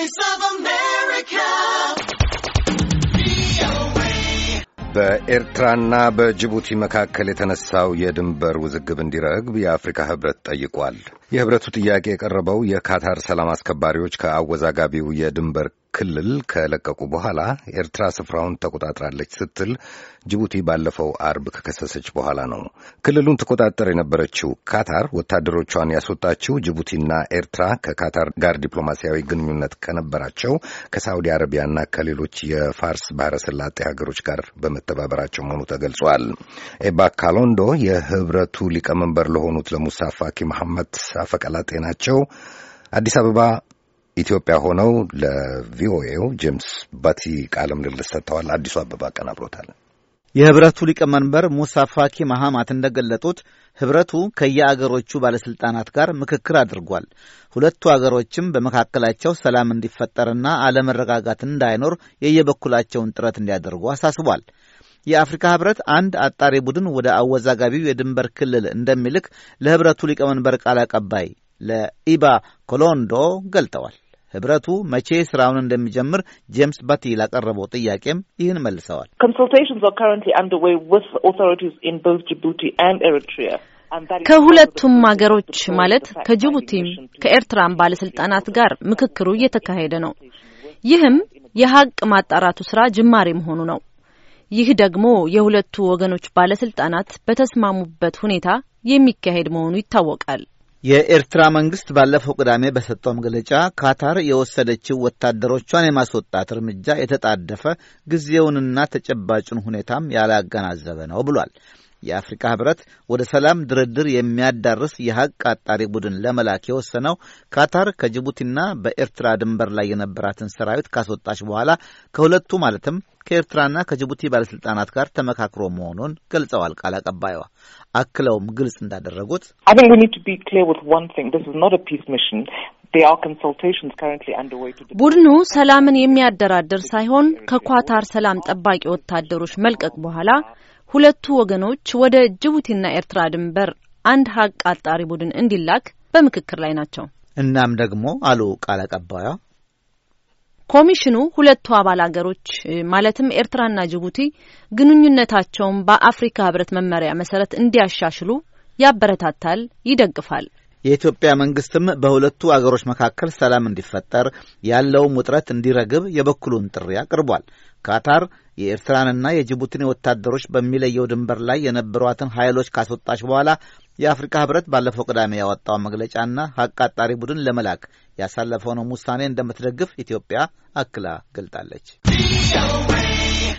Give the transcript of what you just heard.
Voice of America. በኤርትራና በጅቡቲ መካከል የተነሳው የድንበር ውዝግብ እንዲረግብ የአፍሪካ ህብረት ጠይቋል። የህብረቱ ጥያቄ የቀረበው የካታር ሰላም አስከባሪዎች ከአወዛጋቢው የድንበር ክልል ከለቀቁ በኋላ ኤርትራ ስፍራውን ተቆጣጥራለች ስትል ጅቡቲ ባለፈው አርብ ከከሰሰች በኋላ ነው። ክልሉን ትቆጣጠር የነበረችው ካታር ወታደሮቿን ያስወጣችው ጅቡቲና ኤርትራ ከካታር ጋር ዲፕሎማሲያዊ ግንኙነት ከነበራቸው ከሳዑዲ አረቢያና ከሌሎች የፋርስ ባህረስላጤ ሰላጤ ሀገሮች ጋር በመተባበራቸው መሆኑ ተገልጿል። ኤባ ካሎንዶ የህብረቱ ሊቀመንበር ለሆኑት ለሙሳ ፋኪ መሐመድ አፈቀላጤ ናቸው። አዲስ አበባ ኢትዮጵያ ሆነው ለቪኦኤው ጄምስ ባቲ ቃለ ምልልስ ሰጥተዋል። አዲሱ አበባ አቀናብሮታል። የህብረቱ ሊቀመንበር ሙሳ ፋኪ መሐማት እንደገለጡት ህብረቱ ከየአገሮቹ ባለሥልጣናት ጋር ምክክር አድርጓል። ሁለቱ አገሮችም በመካከላቸው ሰላም እንዲፈጠርና አለመረጋጋት እንዳይኖር የየበኩላቸውን ጥረት እንዲያደርጉ አሳስቧል። የአፍሪካ ህብረት አንድ አጣሪ ቡድን ወደ አወዛጋቢው የድንበር ክልል እንደሚልክ ለህብረቱ ሊቀመንበር ቃል አቀባይ ለኢባ ኮሎንዶ ገልጠዋል። ህብረቱ መቼ ስራውን እንደሚጀምር ጄምስ ባቲ ላቀረበው ጥያቄም ይህን መልሰዋል። ከሁለቱም አገሮች ማለት ከጅቡቲም ከኤርትራም ባለስልጣናት ጋር ምክክሩ እየተካሄደ ነው። ይህም የሀቅ ማጣራቱ ስራ ጅማሬ መሆኑ ነው። ይህ ደግሞ የሁለቱ ወገኖች ባለስልጣናት በተስማሙበት ሁኔታ የሚካሄድ መሆኑ ይታወቃል። የኤርትራ መንግስት ባለፈው ቅዳሜ በሰጠው መግለጫ ካታር የወሰደችው ወታደሮቿን የማስወጣት እርምጃ የተጣደፈ ጊዜውንና ተጨባጩን ሁኔታም ያላገናዘበ ነው ብሏል። የአፍሪካ ህብረት ወደ ሰላም ድርድር የሚያዳርስ የሀቅ አጣሪ ቡድን ለመላክ የወሰነው ካታር ከጅቡቲና በኤርትራ ድንበር ላይ የነበራትን ሰራዊት ካስወጣች በኋላ ከሁለቱ ማለትም ከኤርትራና ከጅቡቲ ባለስልጣናት ጋር ተመካክሮ መሆኑን ገልጸዋል። ቃል አቀባይዋ አክለውም ግልጽ እንዳደረጉት ቡድኑ ሰላምን የሚያደራድር ሳይሆን ከኳታር ሰላም ጠባቂ ወታደሮች መልቀቅ በኋላ ሁለቱ ወገኖች ወደ ጅቡቲና ኤርትራ ድንበር አንድ ሀቅ አጣሪ ቡድን እንዲላክ በምክክር ላይ ናቸው። እናም ደግሞ አሉ ቃል አቀባዩ፣ ኮሚሽኑ ሁለቱ አባል አገሮች ማለትም ኤርትራና ጅቡቲ ግንኙነታቸውን በአፍሪካ ህብረት መመሪያ መሰረት እንዲያሻሽሉ ያበረታታል፣ ይደግፋል። የኢትዮጵያ መንግስትም በሁለቱ አገሮች መካከል ሰላም እንዲፈጠር ያለውም ውጥረት እንዲረግብ የበኩሉን ጥሪ አቅርቧል። ካታር የኤርትራንና የጅቡቲን ወታደሮች በሚለየው ድንበር ላይ የነበሯትን ኃይሎች ካስወጣች በኋላ የአፍሪካ ህብረት ባለፈው ቅዳሜ ያወጣው መግለጫና አቃጣሪ ቡድን ለመላክ ያሳለፈውን ውሳኔ እንደምትደግፍ ኢትዮጵያ አክላ ገልጣለች።